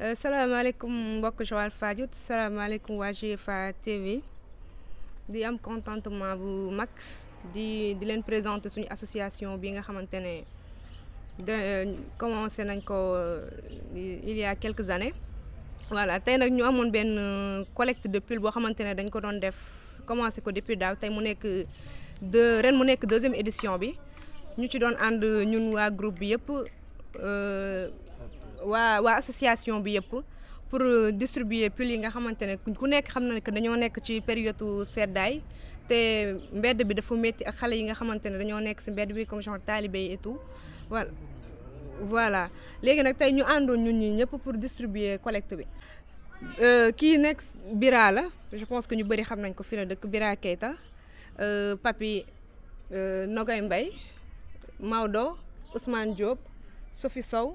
Euh, salaamaaleykum mbokk Joal Fadiouth salaamaaleykum waa GFA TV di am contentement bu mag di di leen présenter suñu association bi nga xamante ne de commencé nañ ko euh, il y a quelques années voilà tey nag ñu amoon benn euh, collecte de pulls boo xamante ne dañ ko doon def commencé ko depuis daaw tey mu nekk de ren mu nekk deuxième édition bi ñu ci doon ànd ñun waa groupe bi yëpp wa waa association bi yëpp pour euh, distribuer pull yi nga xamante ne ku nekk xam na ne que dañoo nekk ci période seddaay te mbedd bi dafa métti ak xale yi nga xamante ne dañoo nekk si mbedd bi comme genre talibé et tout voilà voilà léegi nag tey ñu àndoon ñun ñi ñëpp pour distribuer collecte bi euh, kii nekk Bira la je pense que ñu bëri xam nañ ko fi na dëkk Bira Keita euh, Papi Nogay Mbaye Maodo Ousmane Diop Sophie Sow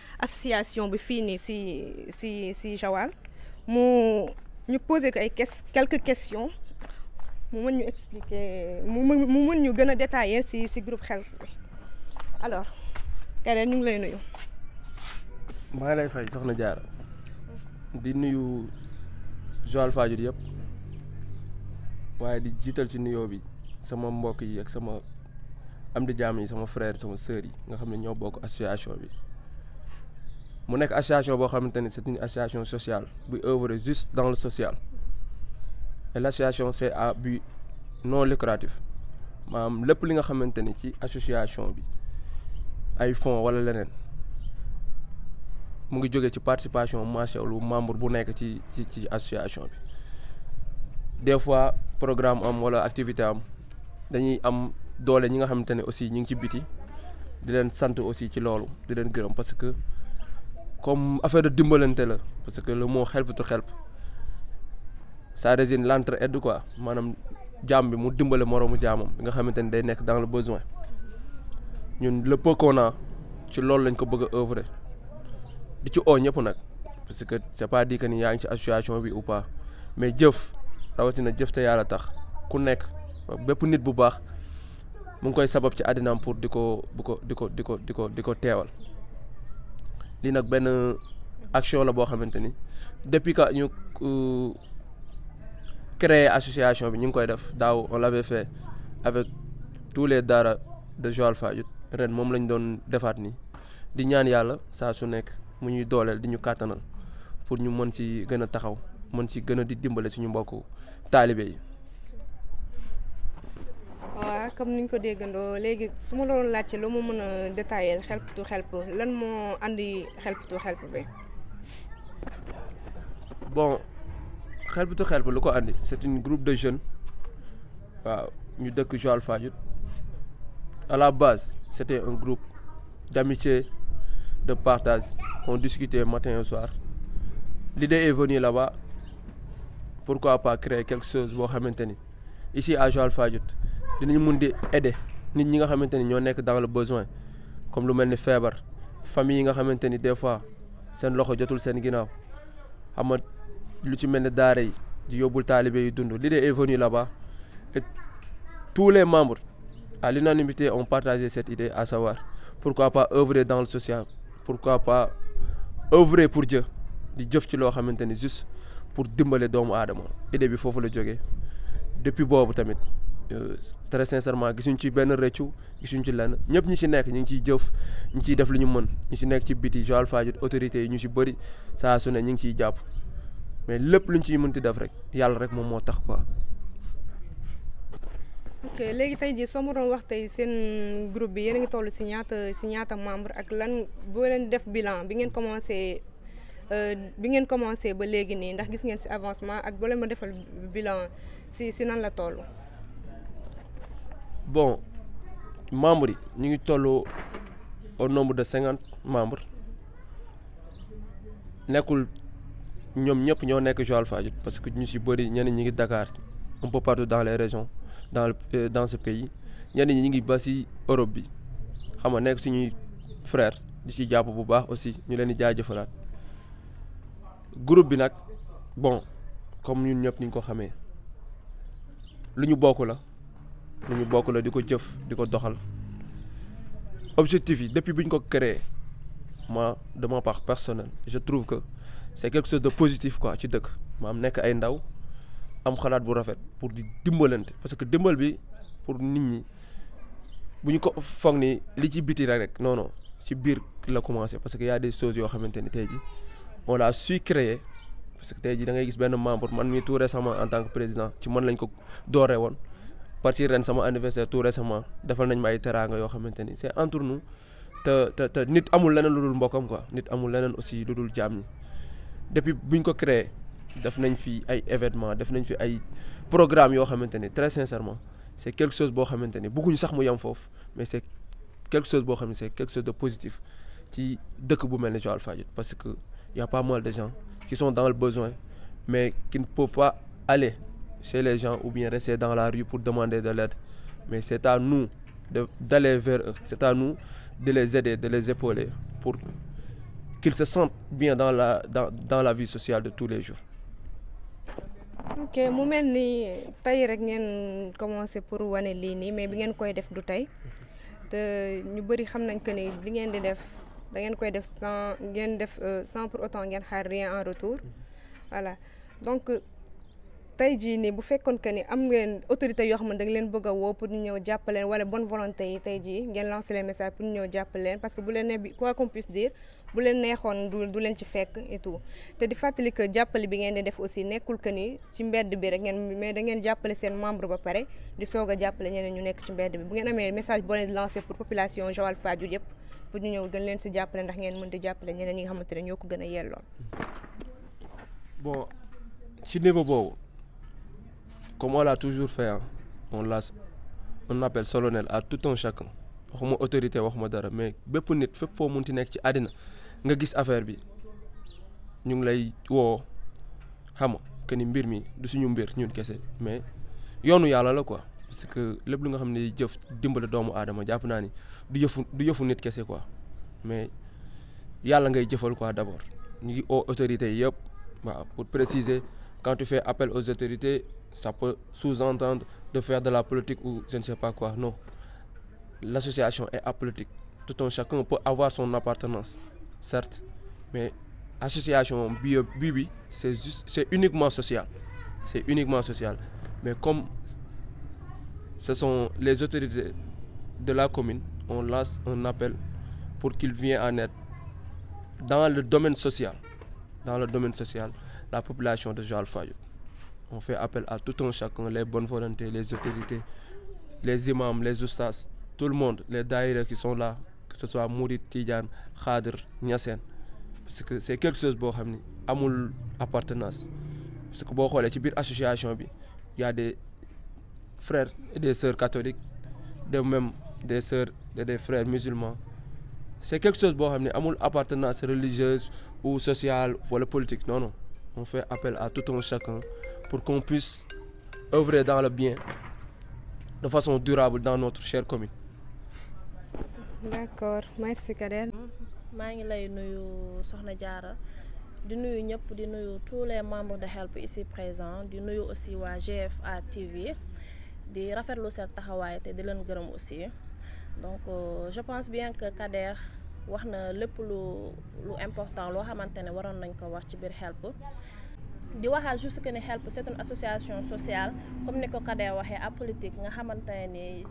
association bi fii nii si si si Joal mu ñu poser ko ay quelques questions mu mën ñu expliquer mu mën mu mën ñu gën a détailler si si groupe xel bi alors Kader ñu ngi lay nuyu. maa ngi lay fay soxna Diarra di nuyu Joal Fadiouth yëpp waaye di jiital ci nuyoo bi sama mbokk yi ak sama am di jaam yi sama frère sama sœur yi nga xam ne ñoo bokk association bi mu nekk association boo xamante ne c'est une association sociale bu œuvre juste dans le social et l'association c'est à but non lucratif maanaam lépp li nga xamante ni ci association bi ay fonds wala leneen mu ngi jóge ci participation marché membre bu nekk ci ci ci association bi des fois programme am wala activité am dañuy am doole ñi nga xamante ne aussi ñu ngi ci biti di leen sant aussi ci loolu di leen gërëm parce que comme affaire de dimbalante la parce que le mot help to help ça désigne l'entraide quoi maanaam jaam bi mu dimbale moroomu jaamam bi nga xamante ni day nekk dans le besoin ñun le peu ci loolu lañ ko bëgg a œuvrer di ci oo ñëpp nag parce que c'est pas di que ni yaa ngi ci association bi ou pas mais jëf rawatina jëf te yàlla tax ku nekk bépp nit bu baax mu ngi koy sabab ci àddinaam pour di ko bu ko di ko di ko di ko di ko teewal lii nag benn action la boo xamante ni depuis que ñu euh, créer association bi ñu ngi koy def daaw on l'avait fait avec tous les daara de Joal Fadiouth ren moom lañ doon defaat ni di ñaan yàlla saa su nekk mu ñuy dooleel di ñu kàttanal pour ñu mën ci gën a taxaw mën ci gën a di dimbale suñu mbokku taalibe yi comme niñ ko déggandoo léegi su ma doon laajte lu ma mën a détaillé help to help lan moo andi help to help bi. bon help to help lu ko andi c'est une groupe de jeunes waaw ñu dëkk Joal Fadiouth à la base c'était un groupe d'amitié de partage On discutait matin et soir l'idée est venue là-bas pourquoi pas créer quelque chose pour maintenir. ici à Joal Fadiouth dinañ mun di aider nit ñi nga xamante ni ñoo nekk dans le besoin comme lu mel ni feebar famille yi nga xamante ni des fois seen loxo jotul seen ginnaaw xama lu ci mel ni daara yi di yóbbul taalibe yu dund l'idée est venue là-bas et tous les membres à l'unanimité ont partagé cette idée à savoir pourquoi pas œuvrer dans le social pourquoi pas œuvrer pour Dieu di jëf ci loo xamante ni juste pour dimbale doomu aadama idée bi foofu la jógee depuis boobu tamit Euh, très sincèrement gisun ci ben reccu gisun ci lenn ñëpp ñi ci nekk ñi ci jëf ñi ci def lu ñu mën ñi ci nekk ci biti Joal Fadiouth autorité ñu ci bari sa su ne ñi ci japp mais lepp luñ ciy mënti def rek yalla rek moom mo tax quoi. ok légui tay ji somu doon wax tay seen groupe bi ngi tollu ci ñaata ci ñaata membre ak lan bo leen def bilan bi ngeen commencé euh, bi ngeen commencé ba légui ni ndax gis ngeen si avancement ak bo leen ma defal bilan si si nan la tollu Bon, les membres, nous sommes au nombre de 50 membres. Nous sommes tous les joueurs Alpha Youth parce que nous sommes tous à Dakar, un peu partout dans les régions, dans, euh, ce pays. Nous sommes tous de l'Europe. Nous sommes tous les frères, nous sommes tous les aussi, nous sommes tous les frères. Le groupe, bon, comme nous sommes tous les frères, nous sommes tous lu ñu bokk la di ko jëf di ko doxal objectif yi depuis buñ ko créé moi de ma part personnelle je trouve que c' est quelque chose de positif quoi ci dëkk am nekk ay ndaw am xalaat bu rafet pour di dimbalante parce que dimbal bi pour nit ñi bu ñu ko foog ni li ci biti rek non non ci biir la commencé parce que y a des choses yoo xamante ni tey ji on l'a su créer parce que tey ji da ngay gis benn membre man mii tout récemment en tant que président ci man lañ ko dooree woon parce que ren sama anniversaire tout récemment defal nañ ma ay teraanga yoo xamante c'est entre nous te te te nit amul leneen lu mbokam quoi nit amul leneen aussi lu dul ñi depuis buñ ko créé def nañ fi ay événements def nañ fi ay programmes yo xamanteni très sincèrement c'est quelque chose boo Beaucoup ni bëgguñu sax mu yam foofu mais c'est quelque chose bo xam c'est quelque chose de positif ci dëkk bu melni ni Joal-Fadiouth parce que il y a pas mal de gens qui sont dans le besoin mais qui ne peuvent pas aller chez les gens ou bien rester dans la rue pour demander de l'aide. Mais c'est à nous d'aller vers eux, c'est à nous de les aider, de les épauler pour qu'ils se sentent bien dans la, dans, dans la vie sociale de tous les jours. ok mu mel ni rek commencé pour vous lii mais bi avez fait def du nous te ñu bëri que vous li fait di def da koy sans euh, sans pour autant rien en retour voilà donc tey jii nii bu fekkoon que ni am ngeen autorité yoo xam ne da nga leen bëgg a woo pour ñu ñëw jàppaleen wala bonne volonté yi tey jii ngeen lancer les messages pour ñu ñëw jàppaleen parce que bu leen ne bi quoi qu'on puisse dire bu leen neexoon du du leen ci fekk et tout te di fàttali que jàppale bi ngeen di def aussi nekkul que ni ci mbedd bi rek ngeen mais da ngeen jàppale seen membre ba pare di soog a jàppale ñeneen ñu nekk ci mbedd bi bu ngeen amee message boo leen di lancer pour population Joal Fadiouth yëpp pour ñu ñëw gën leen si jàppale ndax ngeen mën di jàppale ñeneen ñi nga xamante ne ñoo ko gën a yelloon bon ci niveau boobu comme on l'a toujours fait, hein, on, on appelle solennel à tout un chacun. waxuma autorité waxuma dara mais bépp nit fépp foo munti nekk ci àddina nga gis affaire bi ñu lay wo xam que ni mbir mi du suñu mbir ñun kessé mais yoonu yalla la quoi parce que lepp lu nga xam ne jëf dimbale doomu adama japp na ni du yëfu du yëfu nit kessé quoi mais yalla ngay jëfal quoi d'abord ñi autorité, woo autorités yëpp pour préciser quand tu fais appel aux autorités ça peut sous-entendre de faire de la politique ou je ne sais pas quoi. Non. L'association est apolitique. Tout un chacun peut avoir son appartenance, certes, mais l'association Bibi, c'est uniquement social. C'est uniquement social. Mais comme ce sont les autorités de la commune, on lance un appel pour qu'il viennent en aide dans le domaine social. Dans le domaine social, la population de Joal Fayot on fait appel à tout un chacun, les bonnes volontés, les autorités, les imams, les ustas, tout le monde, les daïres qui sont là, que ce soit Mourid, Tidjan, Khadr, Nyassen. Parce que c'est quelque chose qui est amul appartenance. Parce que si on regarde l'association, il y a des frères et des sœurs catholiques, des même des sœurs et des frères musulmans. C'est quelque chose qui une appartenance religieuse ou sociale ou politique. Non, non on fait appel à tout un chacun pour qu'on puisse œuvrer dans le bien de façon durable dans notre chère commune. D'accord, merci Kader. Je suis lay nuyu Soxna Diarra di nuyu ñëpp tous les membres de HELP ici présents di nuyu aussi GFA TV di Raphaël seen et te di gërëm aussi donc euh, je pense bien que Kader wax na lépp lu lu important loo xamante ne waroon nañ ko wax ci biir HELP di waxal juste que ne HELP c'est une association sociale comme ni ko Kader waxee politique nga xamante ni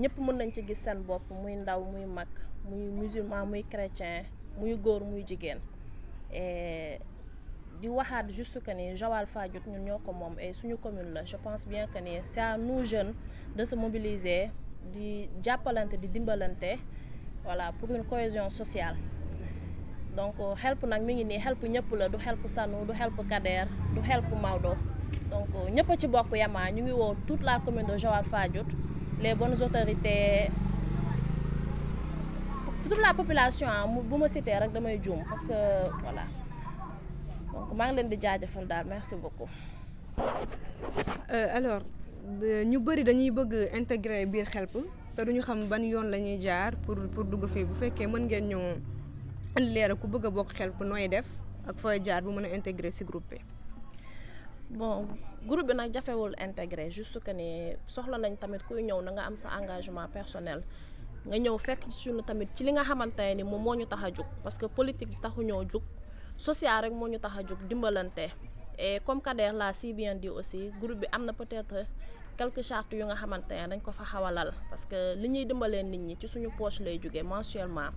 ñëpp mën nañ ci gis seen bopp muy ndaw muy mag muy musulman muy chrétien muy góor muy jigéen di waxaat juste que ni jawal Fadiouth ñun ñoo ko moom et suñu commune la je pense bien que ni c'est à nous jeunes de se mobiliser di jàppalante di dimbalante voilà pour une cohésion sociale donc euh, help nous mi ngi help ñepp la du help Sanu du help Kader du help donc euh, ñepp ci bokk ñu ngi toute la commune de Jawar Fadiout les bonnes autorités toute la population nous hein, cité damay parce que voilà donc ngi di merci beaucoup. Euh, alors ñu bari dañuy bëgg intégrer biir help. te ñu xam ban yoon la ñuy jaar pour pour dugg fii bu fekkee mën ngeen ñoo indi ku bëgg a bokk xel ku nooy def ak fooy jaar bu mën a intégrer si groupe bi. bon groupe bi nag jafewul intégrer juste que ne soxla nañ tamit kuy ñëw na nga am sa engagement personnel. nga ñëw fekk ci suñu tamit ci li nga xamante ni moom moo ñu tax a jug parce que politique taxu ñoo jug social rek moo ñu tax a jug dimbalante e comme Kader l'a si bien dit aussi groupe bi am na peut-être quelques chartes yu nga xamantene dañ ko fa xawalal parce que li ñuy dimbalee nit ñi ci suñu poche lay jógee mensuellement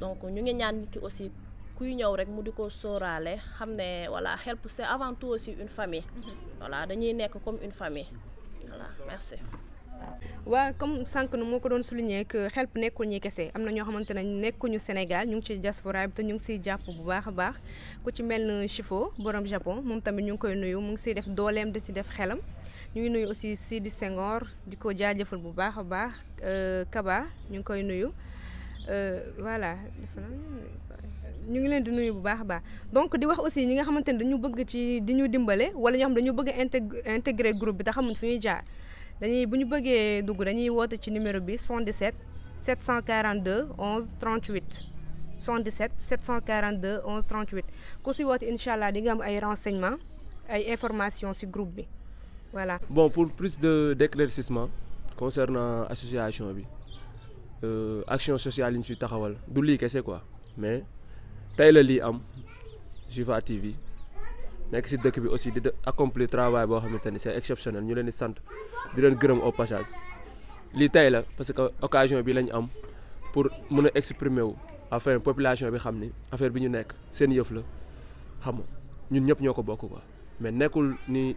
donc ñu ngi ñaan nit ki aussi kuy ñew rek mu diko soralé xamné voilà help c'est avant tout aussi une famille voilà dañuy nekk comme une famille voilà merci wa comme sank nu moko don souligner que help nekkul ñi kessé amna ño xamantene nekku ñu Sénégal ñu ci diaspora bi te ñu ci japp bu baax baax ku ci melni Chifo borom Japon mom tamit ñu ngi koy nuyu mu ngi ci def dolem de ci def xelam ñuy nuyu aussi Sidi Senghor di ko bu baaxa baax euh Kaba ñu koy nuyu euh, voilà ñu ngi leen di nuyu bu baax a baax donc di wax aussi ñi nga xamante dañu bëgg ci di ñu dimbale wala ñu xam dañu bëgg intégrer groupe bi ta xamuñ fi ñuy jaar dañuy buñu bëggé dugg dañuy woote ci numéro bi 77 742 11 38 77 742 11 38 ku ci woote inshallah allah di nga am ay renseignements ay informations ci groupe bi Voilà. Bon, pour plus d'éclaircissement concernant l'association, euh, action sociale, je suis Tahawal. Douli, qu'est-ce quoi Mais, taille le Jiva TV. nekk si dëkk bi aussi di accomplir travail boo xamante c'est exceptionnel ñu leen di sant di gërëm au passage lii tey la parce que occasion bi lañ am pour mën exprimer wu afin population bi xam ni affaire bi ñu nekk seen yëf la xam ñun ñëpp ñoo ko bokk quoi mais nekkul ni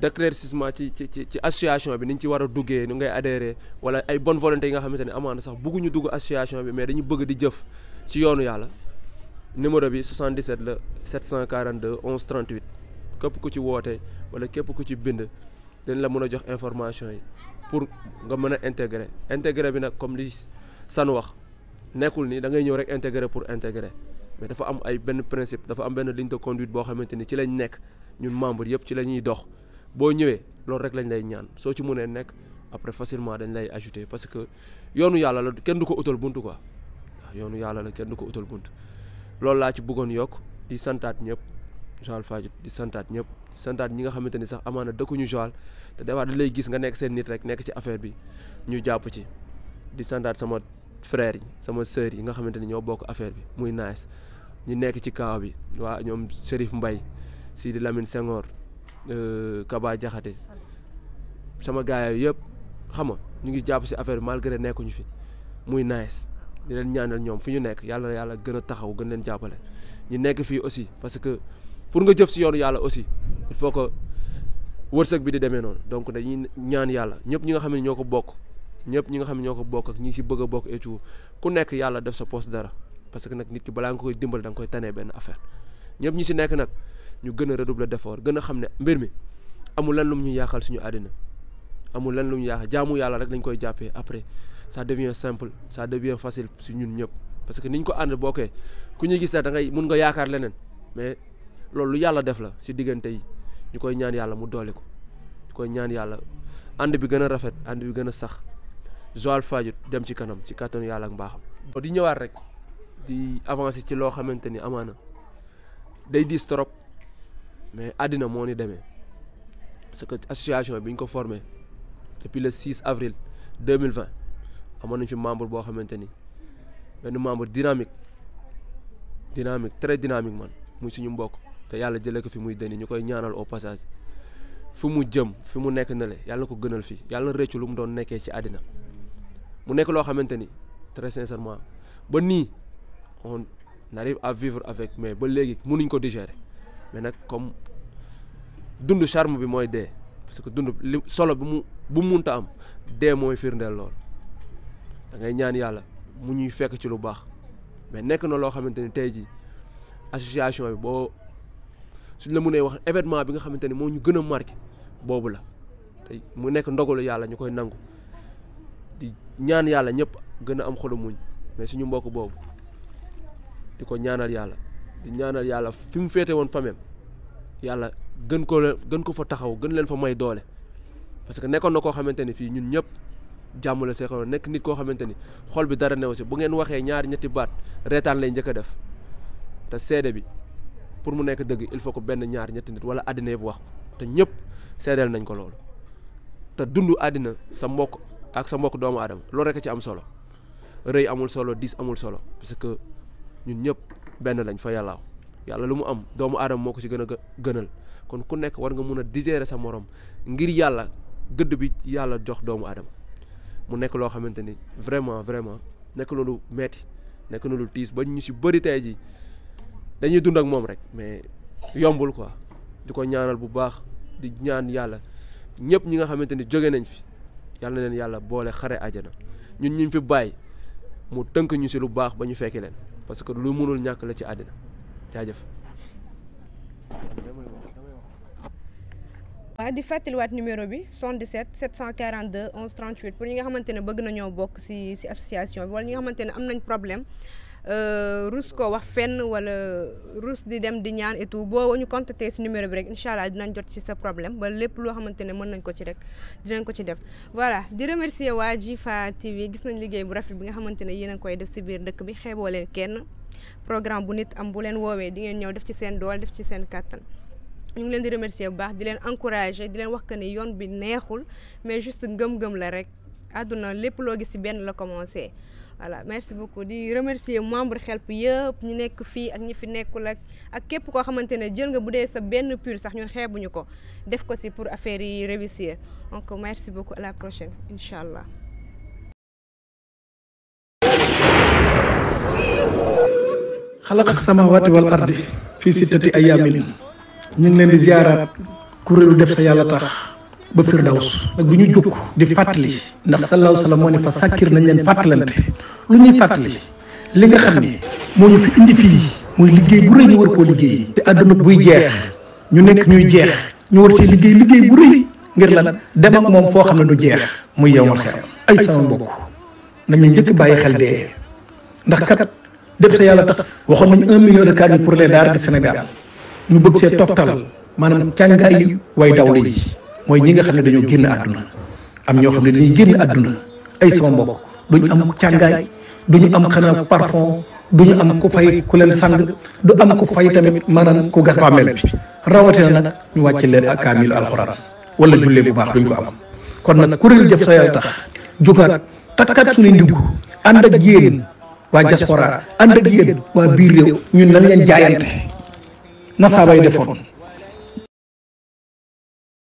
d'éclaircissement ci ci ci association bi ni ci wara duggé duggee ni ngay adhérer wala ay bonne volonté yi nga xamante ne amaana sax ñu dugg association bi mais dañu bëgg di jëf ci yoonu yalla numéro bi 77 la 742 11 38 képp ku ci woté wala képp ku ci bind dañ la mëna jox information yi pour nga mëna intégrer intégrer bi nak comme li san wax nekul ni da ngay ñëw rek intégrer pour intégrer dafa am ay benn principe dafa am benn ligne de conduite boo xamante ni ci lañ nekk ñun membre yëpp ci la ñuy dox boo ñëwee loolu rek lañ lay ñaan soo ci munee nekk après facilement dañ lay ajouter parce que yoonu yàlla la kenn du ko utal bunt quoi yoonu yàlla la kenn du ko utal bunt loolu laa ci bëggoon yokk di santaat ñëpp Joal Fadiouth di santaat ñëpp santaat ñi nga xamante ni sax amaana dëkkuñu Joal te defaat da lay gis nga nekk seen nit rek nekk ci affaire bi ñu jàpp ci di santaat sama frères yi sama sœurs yi nga xamante ni ñoo bokk affaire bi muy nice ñi nekk ci kaw bi waa ñoom si Mbay Sidi Lamine Senghor euh, Kaba Jaxate sama gaay yëpp xam nga ñu ngi jàpp si affaire malgré nekkuñu fi muy nice di leen ñaanal ñoom fi ñu nekk yàlla yàlla gën a taxaw gën leen jàppale ñi nekk fii aussi parce que pour nga jëf si yoonu yàlla aussi il faut que wërsëg bi di demee noonu donc dañuy ñaan yàlla ñëpp ñi nga xam ne ñoo ko bokk ñëpp ñi nga xam ne ñoo ak ñi si bëgg a bokk et ku nekk yàlla def sa poste dara parce que nag nit ki balaa nga koy dimbal da nga koy tanee benn affaire ñëpp ñi si nekk nag ñu gën a redoubler d'effort gën a xam ne mbir mi amul lan lum ñu yaaxal suñu àddina amul lan lum ñu yaaxal jaamu yàlla rek lañ koy jàppee après ça devient simple ça devient facile si ñun ñëpp parce que niñ ko ànd bokkee ku ñuy gis da ngay mun nga yaakaar leneen mais loolu lu yàlla def la si diggante yi ñu koy ñaan yàlla mu doole ko ñu koy ñaan yàlla ànd bi gën a rafet ànd bi gën a sax Joal Fadiouth dem ci kanam ci kàttanu yàlla ak mbaaxam di ñëwaat rek di avancer ci lo xamanteni amana day diis trop mais adina mo ni demee ce que association biñ ko formé depuis le 6 avril 2020 amoon nañ fi membre bo xamanteni ben membre dynamique dynamique très dynamique man muy suñu mbokk te yalla jëlé ko fi muy deni ñukoy ñaanal au passage fu mu jëm fi mu nekk na le yàlla ko gënal fi yalla réccu lu mu doon nekké ci adina mu nekk lo xamanteni très sincèrement ba ni on arrive à vivre avec mais ba léegi mënuñ ko digérer mais nak comme dund charme bi moy dé parce que dund solo bi mu bu munta am dé moy firndel lool da ngay ñaan yalla mu ñuy fekk ci lu baax mais nek na lo xamanteni tay ji association bi bo suñ la mënee wax événement bi nga xamanteni mo ñu gëna marqué bobu la tay mu nek ndogolu yalla ñukoy nangu di ñaan yalla ñëpp gëna am xolu muñ mais suñu mbokk bobu di ko ñaanal yàlla di ñaanal yàlla fi mu féete woon famem yàlla gën ko gën ko fa taxaw gën leen fa may doole parce que nekkoon na koo xamante ni fii ñun ñëpp jàmm la seexaloon nekk nit koo xamante ni xol bi dara new si bu ngeen waxee ñaari ñetti baat reetaan lay njëkk def te seede bi pour mu nekk dëgg il faut ko benn ñaari ñetti nit wala àddina yëpp wax ko te ñëpp seedeel nañ ko loolu te dund àddina sa mbokk ak sa mbokk doomu aadama loolu rek ci am solo rëy amul solo diis amul solo parce que ñun ñëpp benn lañ fa yàllaaw yàlla lu mu am doomu aadama moo ko si gën a gënal kon ku nekk war nga mun a digérer sa morom ngir yàlla gëdd bi yàlla jox doomu aadama mu nekk loo xamante ni vraiment vraiment nekk na lu metti nekk na lu tiis ba ñu si bëri tey ji dañuy dund ak moom rek mais yombul quoi di ko ñaanal bu baax di ñaan yàlla ñëpp ñi nga xamante ni jóge nañ fi yàlla leen yàlla boole xare àjjana ñun ñu fi bàyyi mu tënk ñu si lu baax ba ñu fekki parce que lu mënul ñàkk la ci àddina jaajëf. waaw di fàttaliwaat numéro bi 77 742 11 38 pour ñi nga xamante ne bëgg nañoo bokk ci ci association bi walla ñi nga xamante ne am nañ problème. Euh, rus koo wax fenn wala rus di dem di ñaan et boo ñu contacter si numéro bi rek incha allah dinañ jot si sa problème ba lépp loo xamante ne mën nañ ko ci rek dinañ ko ci def. voilà di remercier waa fa TV gis nañ liggéey bu rafet bi nga xamante ne yéen a koy def si biir dëkk bi xeeboo leen kenn programme bu nit am bu leen woowee di ngeen ñëw def ci seen doole def ci seen kàttan. ñu ngi leen di remercier bu baax di leen encourager di leen wax que ni yoon bi neexul mais juste ngëm-ngëm la rek àdduna lépp loo gis ci benn la commencé. voilà merci beaucoup di remercier membre xelp yëpp ñu nekk fii ak ñi fi nekkul ak ak képp koo xamante ne jël nga bu dee sa benn pull sax ñun xeebuñu ko def ko si pour affaire yi réussir donc merci beaucoup à la prochaine incha allah. xalaqa samaawaati wal ardi fii sittati ayaamin ñu ngi leen di ziaraat kuréelu def sa yàlla tax. ba firdaws nag bu ñu jóg di fàttali ndax sallallahu alayhi wa moo ne fa sàkkir nañ leen fàttalante lu ñuy fàttali li nga xam ni moo ñu fi indi fii muy liggéey bu rëy ñu war koo liggéey te àdduna buy jeex ñu nekk ñuy jeex ñu war cee liggéey liggéey bu rëy ngir la dem ak moom foo xam ne du jeex muy yow yowmal xeer ay sama mbokk nañu njëkk bàyyi xel dee ndax kat def sa yàlla tax waxoon nañ un million de cadres pour les daara du Sénégal ñu bëgg see toftal maanaam càngaay yi way mooy ñi nga xam ne dañoo génn àdduna am ñoo xam ne dañuy génn àdduna ay sama mbokk duñu am càngaay duñu am xanaa parfum duñu am ku fay ku leen sang du am ku fay tamit maanaam ku gas bàmmeel bi rawatina nag ñu wàcc leen ak kaamilu alxuraan wala jullee bu baax duñ ko am kon nag kuréel jëf sa yàlla tax jugaat takkaat suñu ndiggu ànd ak yéen waa diaspora ànd ak yéen waa biir réew ñun nañ leen jaayante na saabay defoon